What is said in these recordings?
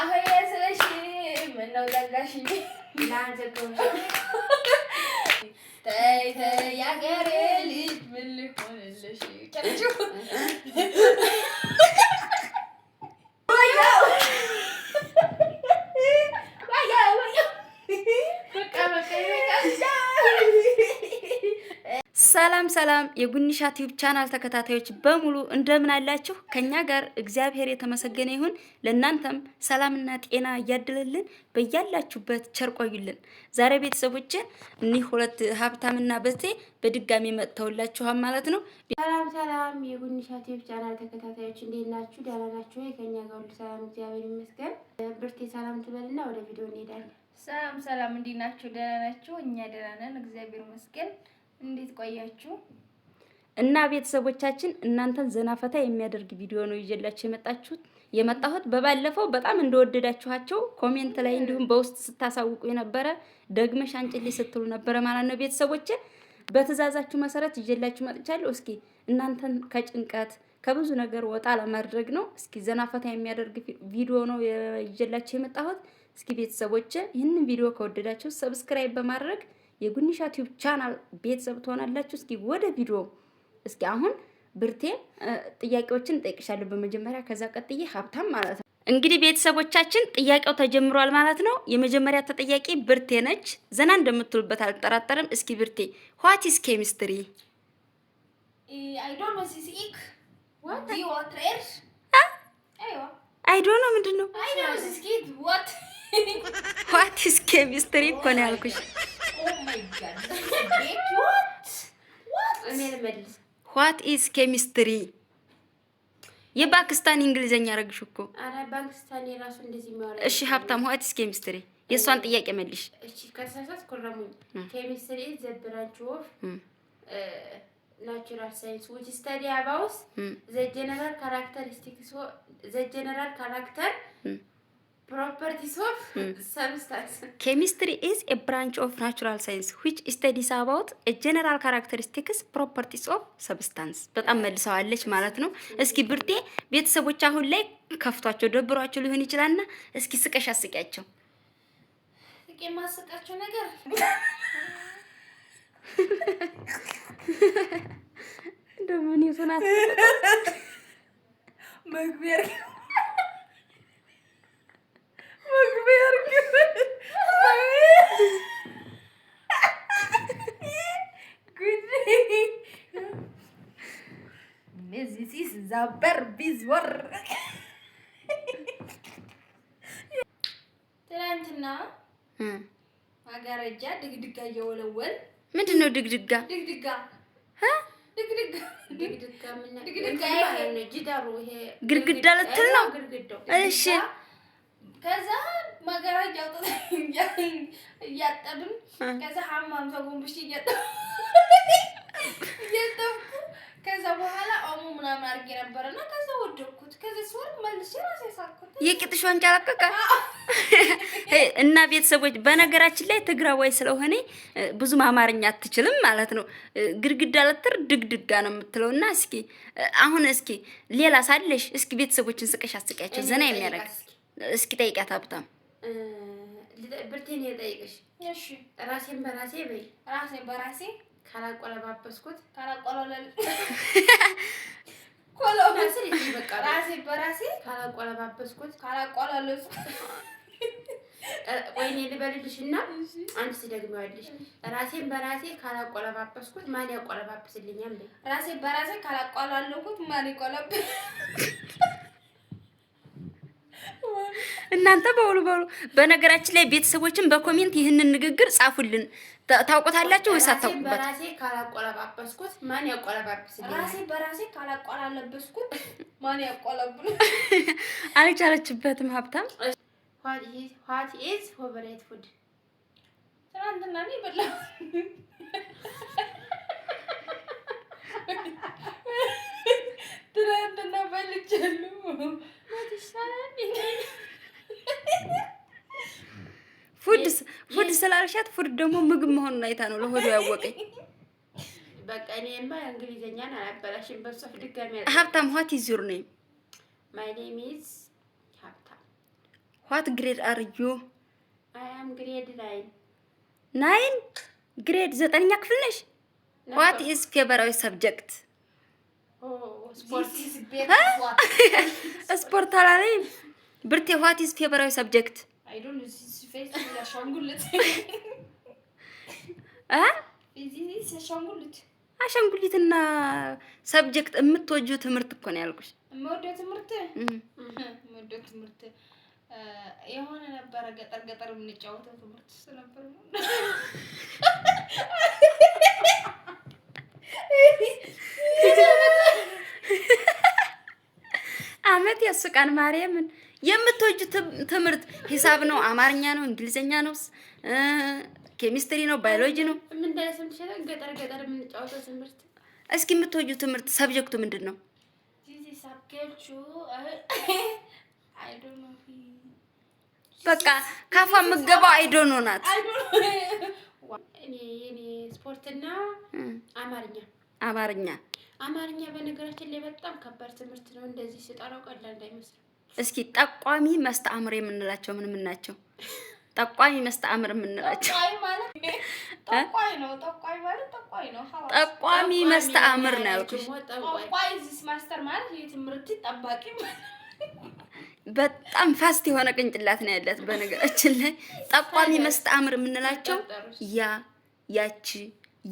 አሁን ስለሽ ምነው ዘጋሽ? ሰላም ሰላም የጉንሻ ቲዩብ ቻናል ተከታታዮች በሙሉ እንደምን አላችሁ? ከኛ ጋር እግዚአብሔር የተመሰገነ ይሁን። ለእናንተም ሰላምና ጤና እያድልልን በያላችሁበት ቸርቆዩልን። ዛሬ ቤተሰቦቼ እኒህ ሁለት ሀብታምና በስቴ በድጋሚ መጥተውላችኋል ማለት ነው። ሰላም ሰላም፣ የጉንሻ ቲዩብ ቻናል ተከታታዮች እንዴት ናችሁ? ደህና ናችሁ? ከኛ ጋር ሁሉ ሰላም እግዚአብሔር ይመስገን። ብርቴ ሰላም ትበልና ወደ ቪዲዮ እንሄዳለን። ሰላም ሰላም፣ እንዴት ናችሁ? ደህና ናችሁ? እኛ ደህና ነን፣ እግዚአብሔር ይመስገን። እንዴት ቆያችሁ? እና ቤተሰቦቻችን እናንተን ፈታ የሚያደርግ ቪዲዮ ነው ይዤላችሁ የመጣችሁት የመጣሁት በባለፈው በጣም እንደወደዳችኋቸው ኮሜንት ላይ እንዲሁም በውስጥ ስታሳውቁ የነበረ ደግመሽ አንጭልኝ ስትሉ ነበረ ማለት ነው። ቤተሰቦች በትዕዛዛችሁ መሰረት ይዤላችሁ መጥቻለሁ። እስኪ እናንተን ከጭንቀት ከብዙ ነገር ወጣ ለማድረግ ነው። እስኪ ዘናፈታ የሚያደርግ ቪዲዮ ነው ይዤላችሁ የመጣሁት። እስኪ ቤተሰቦች ይህንን ቪዲዮ ከወደዳችሁ ሰብስክራይብ በማድረግ የጉንሻ ቲዩብ ቻናል ቤተሰብ ትሆናላችሁ። እስኪ ወደ ቪዲዮ እስኪ አሁን ብርቴ ጥያቄዎችን ጠይቅሻለሁ በመጀመሪያ ከዛ ቀጥዬ ሀብታም ማለት ነው። እንግዲህ ቤተሰቦቻችን ጥያቄው ተጀምሯል ማለት ነው። የመጀመሪያ ተጠያቂ ብርቴ ነች። ዘና እንደምትሉበት አልጠራጠርም። እስኪ ብርቴ ዋትስ ኬሚስትሪ አይዶ ነው ምንድን ነው? ዋትስ ኬሚስትሪ እኮ ነው ያልኩሽ። ዋት ኢዝ ኬሚስትሪ? የፓኪስታን እንግሊዘኛ አረግሽ እኮ። እሺ ሀብታም ዋት ኢዝ ኬሚስትሪ? የእሷን ጥያቄ መልሽ። ናቹራል ሳይንስ ዊች ስተዲ አባውት ዘ ጀነራል ካራክተሪስቲክስ ዘ ጀነራል ካራክተር ኬሚስትሪ ኢዝ ኤ ብራንች ኦፍ ናቹራል ሳይንስ ዊች ስተዲስ አባውት ጀነራል ካራክተሪስቲክስ ፕሮፐርቲስ ኦፍ ሰብስታንስ። በጣም መልሰዋለች ማለት ነው። እስኪ ብርቴ ቤተሰቦች አሁን ላይ ከፍቷቸው ደብሯቸው ሊሆን ይችላልና እስኪ ስቀሽ አስቂያቸው። የማስቃቸው ነገር እንደምን ይሆናል መግቢያ መግቢያ ዛበር ቢዝወር ትናንትና ማጋረጃ ድግድጋ እየወለወል ምንድን ነው ድግድጋ ድግድጋ ግድግዳ ልትል ነው? እሺ ከዛ መጋረጃ አውጥታ እያጠብን ከዛ ሀማም ተጎንብሽ እያጠብኩ ከዛ በኋላ ኦሞ ምናምን አድርጌ እና ከዛ ወደኩት። ከዛ ስወር መልሼ ራሴ ሳኩት። የቂጥሽ ዋንጫ ላቀቀ እና ቤተሰቦች፣ በነገራችን ላይ ትግራዋይ ስለሆነ ብዙም አማርኛ አትችልም ማለት ነው። ግድግዳ ለትር ድግድጋ ነው የምትለው። እና እስኪ አሁን እስኪ ሌላ ሳለሽ እስኪ ቤተሰቦችን ስቀሽ አስቀያቸው ዘና የሚያደርግ እስኪ ጠይቂያት ሀብታም ብርቴን የጠይቅሽ እሺ ራሴን በራሴ በይ ራሴን በራሴ ካላቆለባበስኩት ካላቆለለል ቆሎ መስል በቃ ራሴ በራሴ ካላቆለባበስኩት ካላቆለለስኩት ወይኔ ልበልልሽ እና አንድ ስደግመዋልሽ ራሴን በራሴ ካላቆለባበስኩት ማን ያቆለባብስልኛል? ራሴን በራሴ ካላቆላለኩት ማን ይቆለብ እናንተ በውሉ በውሉ። በነገራችን ላይ ቤተሰቦችን በኮሜንት ይህንን ንግግር ጻፉልን። ታውቁታላችሁ ወይስ አታውቁበት? በራሴ ካላቆላባበስኩት ማን ያቆላባብስልኝ? ራሴ በራሴ ካላቆላለበስኩት ማን ያቆላብሉ? አልቻለችበትም። ሀብታም ዋት ኢዝ ሆበሬት ፉድ ትናንትና ነው የበላሁት ትናንትና በልቻለሁ። ፉድ ስላልሻት ፉድ ደግሞ ምግብ መሆኑን አይታ ነው ለሆዶ ያወቀኝ። በቃ እኔማ እንግሊዘኛን አላበላሽም። በሷፍ ድጋሚ ሀብታም ኋት ይዙር ነኝ ማይ ኔም ኢዝ ሀብታም ግሬድ አር ዩ አይ አም ግሬድ ናይን ናይን ግሬድ ዘጠነኛ ክፍል ነሽ? ኢዝ ፌቨራዊ ሰብጀክት ስፖርት አላለኝም። ብርቴ ዋትስ ፌቨራዊ ሰብጀክት አሻንጉሊትና ሰብጀክት የምትወጁ ትምህርት እኮ ነው ያልኩሽ። የምወደው ትምህርት የምወደው ትምህርት የሆነ ነበረ ገጠር ገጠር የምንጫወተው ትምህርት ስለነበር አመት ያስቃን ማርያምን የምትወጁ ትምህርት ሂሳብ ነው፣ አማርኛ ነው፣ እንግሊዝኛ ነው፣ ኬሚስትሪ ነው፣ ባዮሎጂ ነው። ገጠር ገጠር የምንጫወተው ትምህርት እስኪ የምትወጁ ትምህርት ሰብጀክቱ ምንድን ነው? በቃ ካፋ የምትገባው አይዶኖ ናት። ስፖርትና አማርኛ አማርኛ አማርኛ በነገራችን ላይ በጣም ከባድ ትምህርት ነው። እንደዚህ ስጠራው ቀላል እንዳይመስል። እስኪ ጠቋሚ መስተአምር የምንላቸው ምን ምን ናቸው? ጠቋሚ መስተአምር የምንላቸው ጠቋሚ መስተአምር ነው ያልኩሽ። ጠቋሚ ማስተር ማለት የትምህርት ጠባቂ በጣም ፋስት የሆነ ቅንጭላት ነው ያላት። በነገራችን ላይ ጠቋሚ መስተአምር የምንላቸው ያ፣ ያቺ፣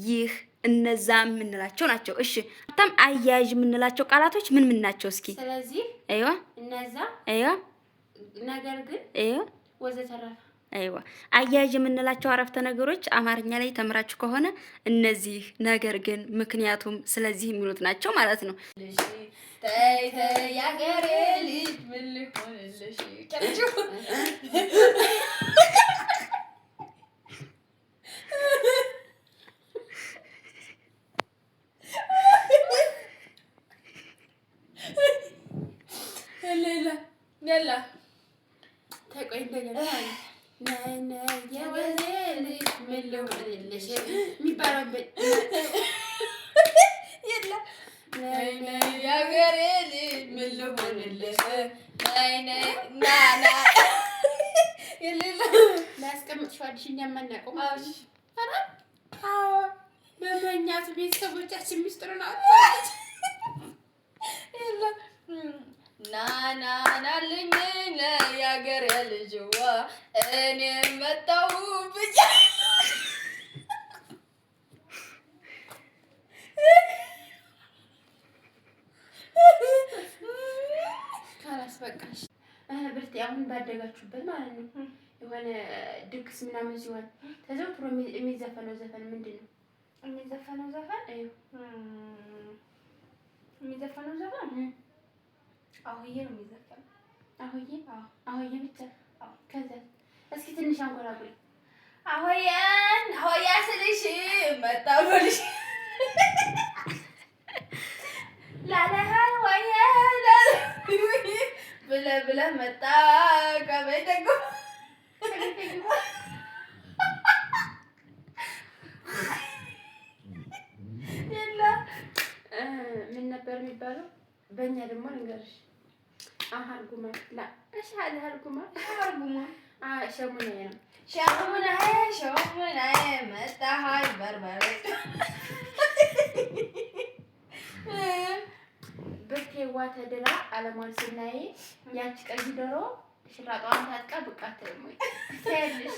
ይህ፣ እነዛ የምንላቸው ናቸው። እሺ በጣም አያያዥ የምንላቸው ቃላቶች ምን ምን ናቸው? እስኪ ስለዚህ አይዋ፣ እነዛ፣ አይዋ፣ ነገር ግን፣ አይዋ፣ ወዘተረፈ አይዋ አያያዥ የምንላቸው አረፍተ ነገሮች አማርኛ ላይ ተምራችሁ ከሆነ እነዚህ ነገር ግን፣ ምክንያቱም፣ ስለዚህ የሚሉት ናቸው ማለት ነው። çok ታውቂዋለሽ፣ እኛ የማናውቀው መመኛቱ ናናናልኝ የአገር ልጅዋ እኔ መጣሁ ብቻ ካላስበቃሽ ብርቴ አሁን ባደጋችሁበት ማለት ነው። የሆነ ድግስ ምናምን ሲሆን ተዘውትሮ የሚዘፈነው ዘፈን ምንድን ነው? የሚዘፈነው ዘፈን የሚዘፈነው ዘፈን አሁዬ ነው የሚዘፈነው። አሁዬ አሁዬ ብቻ። ከዛ እስኪ ትንሽ አንጎራጉሪ። አሁያን አሁያ ስልሽ መጣሁልሽ ላለህ አሁያ ብለህ ብለህ መጣ ከበይ ደግሞ ምን ነበር የሚባለው? በእኛ ደግሞ ንገርሽ አሃርጉማ ላ እሺ ነው ሸሙና ሸሙና መጣ በርበሬ ብርኬዋ ተድራ አለሟን ስናይ ያቺ ቀይ ዶሮ ሽራጧን ታጥቃ ብቅ አትልም ወይ? ታያለሽ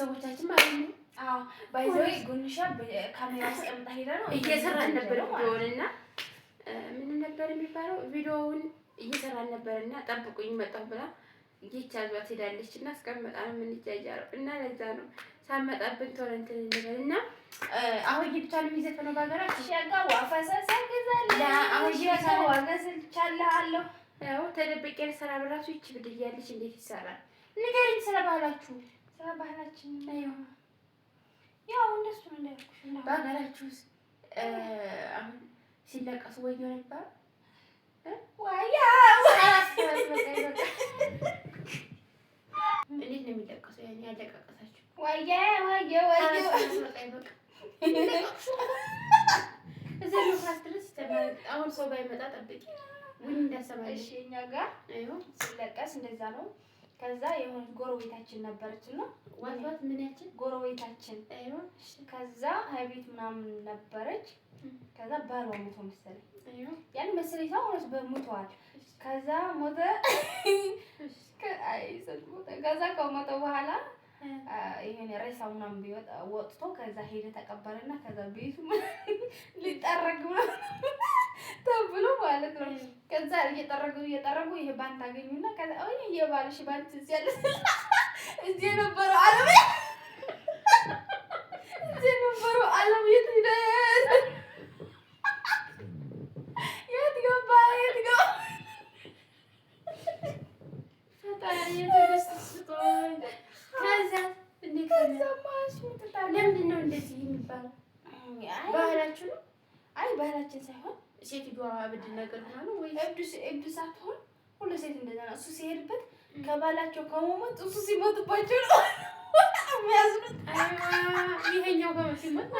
ሰዎቻችን ማለት ነው። ባይዘወይ ጉንሻ ካሜራ አስቀምጣ ሄዳ ነው እየሰራን ነበር ሆንና ምን ነበር የሚባለው ቪዲዮውን እየሰራን ነበር ጠብቁኝ መጣሁ ብላ ይቻዟት ሄዳለች እና አስቀምጣ ነው የምንጃጃረው እና ለዛ ነው ሳመጣብን ቶሎ እንትን እንበል እና አሁን ብቻ ነው የሚዘፈነው በሀገራችን። አሁን ተደብቄ ስራ በራሱ ይቺ ብድያለች። እንዴት ይሰራል ንገሪኝ፣ ስለ ባህላችሁ። ስለ ባህላችን ያው እንደሱ ነው እንዳልኩሽ። በሀገራችሁ አሁን ሲለቀሱ ወየው ነበር እንዴት ነው የሚለቀሱ? ያለቀቀሳችሁ አሁን ሰው ባይመጣ ጠብቂ። እሺ፣ እኛ ጋር ሲለቀስ እንደዛ ነው። ከዛ የሆነ ጎረቤታችን ነበረች እና ምን ያችን ጎረቤታችን ከዛ ሀይቤት ምናምን ነበረች። ከዛ ባሏ ሞቶ መሰለኝ ያን መሰለኝ ሰው ሁለት በሞተዋል። ከዛ ሞተ ከዛ ከሞተ በኋላ ይሄን ሬሳ ምናምን ቢወጣ ወጥቶ ከዛ ሄደ ተቀበልና ከዛ ቤቱ ሊጠረግ ተብሎ ማለት ነው። ከዛ እየጠረጉ እየጠረጉ ይሄ ባንት አገኙና ከዛ አይ የባልሽ ባንት እዚህ አለ እዚህ የነበረው አለም እዚህ የነበረው አለም የት ሄደ? ሴትዮዋ እብድ ነገር ሆና ነው ወይ? እብዱስ እብዱስ አትሆን ሁሉ ሴት እንደዛ ነው። እሱ ሲሄድበት ከባላቸው ከመሞት እሱ ሲሞትባቸው ነው የሚያዝኑት። ይሄኛው ሲሞት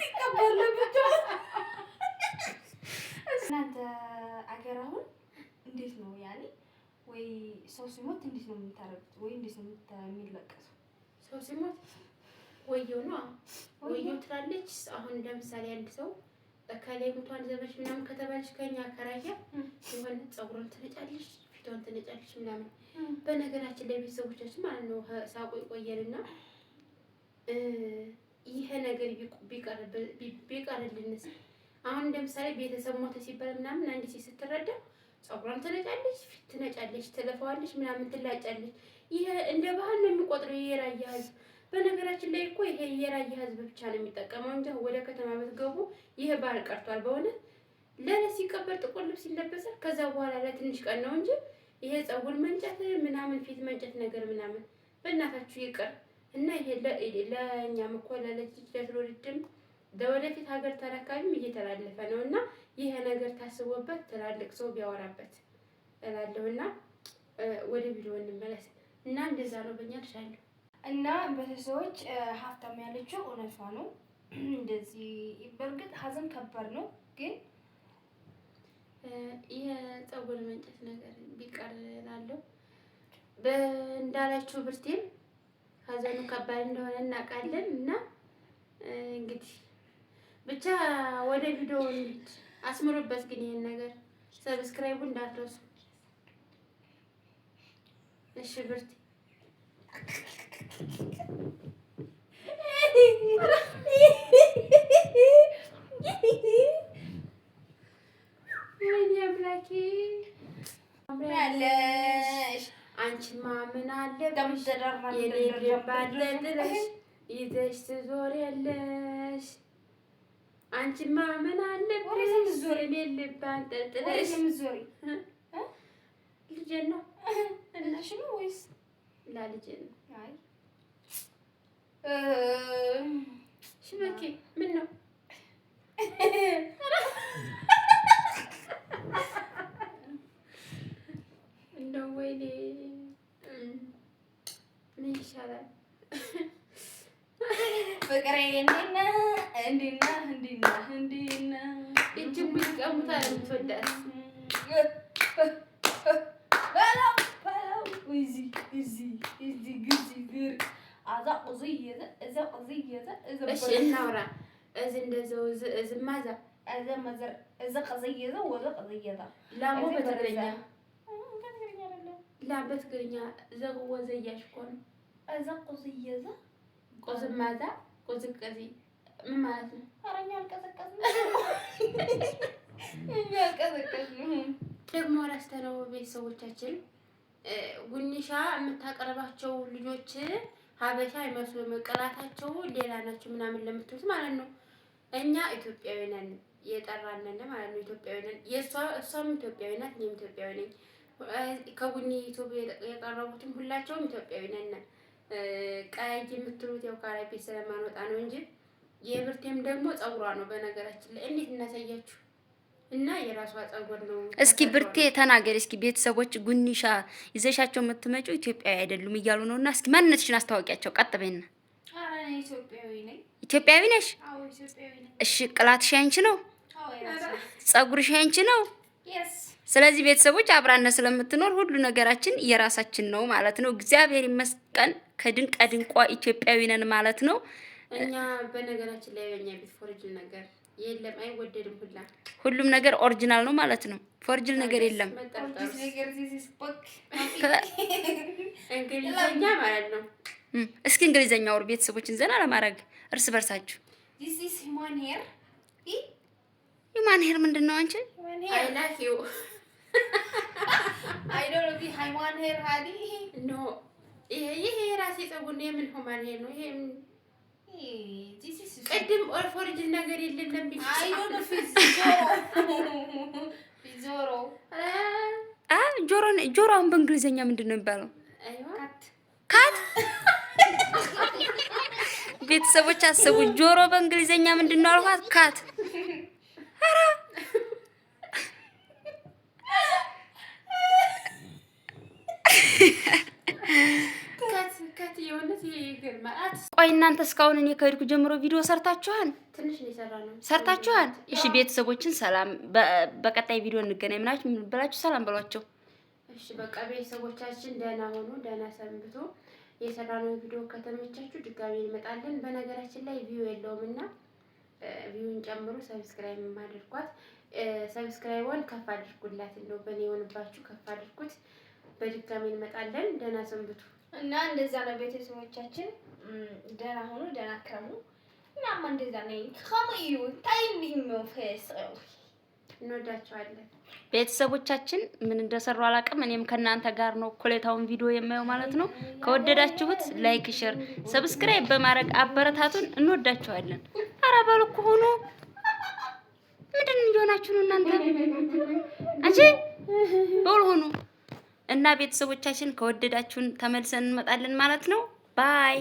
ሲቀበር ለብቻ እናንተ አገር አሁን እንዴት ነው ያኔ? ወይ ሰው ሲሞት እንዴት ነው የምታረጉት? ወይ እንዴት ነው የሚለቀሰው? ሰው ሲሞት ወየው ነው ወየው ትላለች። አሁን ለምሳሌ አንድ ሰው እከሌ ሙቷን ዘመች ምናምን ከተባለች ከኛ አከራየ የሆነ ፀጉሩን ትነጫለሽ፣ ፊቷን ትነጫለች ምናምን። በነገራችን ላይ ቤተሰቦቻችን ማለት ነው ሳቁ ይቆየልና ይሄ ነገር ቢቀርልንስ? አሁን እንደምሳሌ ቤተሰብ ሞተ ሲባል ምናምን አንድ ሴት ስትረዳ ፀጉሯን ትነጫለች፣ ፊት ትነጫለች፣ ትለፈዋለች፣ ምናምን ትላጫለች። ይሄ እንደ ባህል ነው የሚቆጥረው የራያ ህዝብ በነገራችን ላይ እኮ ይሄ የራያ ህዝብ ብቻ ነው የሚጠቀመው እንጂ ወደ ከተማ ብትገቡ ይሄ ባህል ቀርቷል። በእውነት ለእለት ሲቀበር ጥቁር ልብስ ይለበሳል። ከዛ በኋላ ለትንሽ ቀን ነው እንጂ ይሄ ፀጉር መንጨት ምናምን ፊት መንጨት ነገር ምናምን በእናታችሁ ይቅር እና ይሄ ለእኛም እኮ ለልጅ ለትውልድም ለወደፊት ሀገር ተረካቢም እየተላለፈ ነው እና ይሄ ነገር ታስቦበት ትላልቅ ሰው ቢያወራበት እላለሁ እና ወደ ቪዲዮ እንመለስ እና እንደዛ ነው በእኛ ድርሻለሁ እና ቤተሰቦች ሀብታም ያለችው እውነቷ ነው። እንደዚህ በእርግጥ ሀዘን ከባድ ነው፣ ግን የፀጉር መንጨት ነገር ቢቀር እላለሁ። እንዳለችው ብርቴም ሀዘኑ ከባድ እንደሆነ እናውቃለን። እና እንግዲህ ብቻ ወደ ቪዲዮ አስምሩበት፣ ግን ይህን ነገር ሰብስክራይቡ እንዳትረሱ እሺ ብርቴ አንቺ ማመን አለብሽ ዞሬን የለብን ጠርጥረሽ ዞሪ ልጄ ነው እናሽ ነው ወይስ ላልጄ ነው? አይ እሺ እናውራ እዚ እንደዘው እዚ ማዛ እዚ እዚ ላሞ በትግርኛ ላ በትግርኛ ኮን እዚ ቁዝ ማዛ ምን ማለት ነው? አረኛ አልቀዘቀዝ እኛ አልቀዘቀዝ ደግሞ ረስተነው ቤተሰቦቻችን ጉንሻ የምታቀርባቸው ልጆች ሀበሻ አይመስሉም መቀላታቸው ሌላ ናቸው ምናምን ለምትሉት ማለት ነው። እኛ ኢትዮጵያዊ ነን የጠራነን ማለት ነው። ኢትዮጵያዊ ነን። እሷም ኢትዮጵያዊ ናት፣ እኔም ኢትዮጵያዊ ነኝ። ከቡኒ ኢትዮጵያ የቀረቡትም ሁላቸውም ኢትዮጵያዊ ነን። ቀይ የምትሉት ያው ካራቢ ስለማንወጣ ነው እንጂ የብርቴም ደግሞ ጸጉሯ ነው። በነገራችን ላይ እንዴት እናሳያችሁ እና የራሷ ጸጉር ነው። እስኪ ብርቴ ተናገር እስኪ ቤተሰቦች ጉኒሻ ይዘሻቸው የምትመጩ ኢትዮጵያዊ አይደሉም እያሉ ነው። እና እስኪ ማንነትሽን አስታወቂያቸው። ቀጥ በይና። ኢትዮጵያዊ ነሽ? እሺ። ቅላትሽ ያንቺ ነው? ጸጉርሽ ሻንች ነው? ስለዚህ ቤተሰቦች አብራነ ስለምትኖር ሁሉ ነገራችን የራሳችን ነው ማለት ነው። እግዚአብሔር ይመስገን። ከድንቀ ድንቋ ኢትዮጵያዊ ነን ማለት ነው። እኛ በነገራችን ላይ በኛ ቤት ፎርጅ ነገር የለም አይወደድም። ሁላ ሁሉም ነገር ኦሪጂናል ነው ማለት ነው። ፎርጅል ነገር የለም። እንግሊዘኛ ማለት ነው። እስኪ እንግሊዘኛ ወር ቤተሰቦችን ዘና ለማድረግ እርስ በርሳችሁ ሂውማን ሄር ምንድን ነው? አንቺ ይሄ የራሴ ፀጉር ነው። የምን ሂውማን ሄር ነው? ቅድም ኦርፎርጅ ነገር የለም ጆሮ። አሁን በእንግሊዝኛ ምንድን ነው የሚባለው? ካት ቤተሰቦች አስቡ። ጆሮ በእንግሊዝኛ ምንድን ነው አልኳት። ካት ቆይ እናንተ እስካሁን እኔ ከሄድኩ ጀምሮ ቪዲዮ ሰርታችኋል? ሰርታችኋል? እሺ ቤተሰቦችን ሰላም፣ በቀጣይ ቪዲዮ እንገናኝ ምናችሁ ምን ብላችሁ ሰላም በሏቸው። እሺ በቃ ቤተሰቦቻችን ደህና ሆኑ፣ ደህና ሰንብቶ። የሰራነው ቪዲዮ ከተመቻችሁ ድጋሚ እንመጣለን። በነገራችን ላይ ቪው የለውም እና ቪውን ጨምሮ ሰብስክራይብ አድርጓት። ሰብስክራይቧን ከፍ አድርጉላት፣ እንደው በኔ የሆንባችሁ ከፍ አድርጉት። በድጋሚ እንመጣለን። ደህና ሰንብቱ። እና እንደዛ ነው ቤተሰቦቻችን። ደህና ሆኖ ደህና ክረሙ። እናማ እንደዛ ነው ከመዩ ታይም ነው ፈስረው እንወዳቸዋለን ቤተሰቦቻችን። ምን እንደሰሩ አላውቅም። እኔም ከእናንተ ጋር ነው ኮሌታውን ቪዲዮ የማየው ማለት ነው። ከወደዳችሁት ላይክ፣ ሼር፣ ሰብስክራይብ በማድረግ አበረታቱን። እንወዳቸዋለን። ኧረ በልኩ ሆኖ ምንድን እየሆናችሁ ነው እናንተ? አንቺ በል ሆኖ እና ቤተሰቦቻችን ከወደዳችሁን ተመልሰን እንመጣለን ማለት ነው። ባይ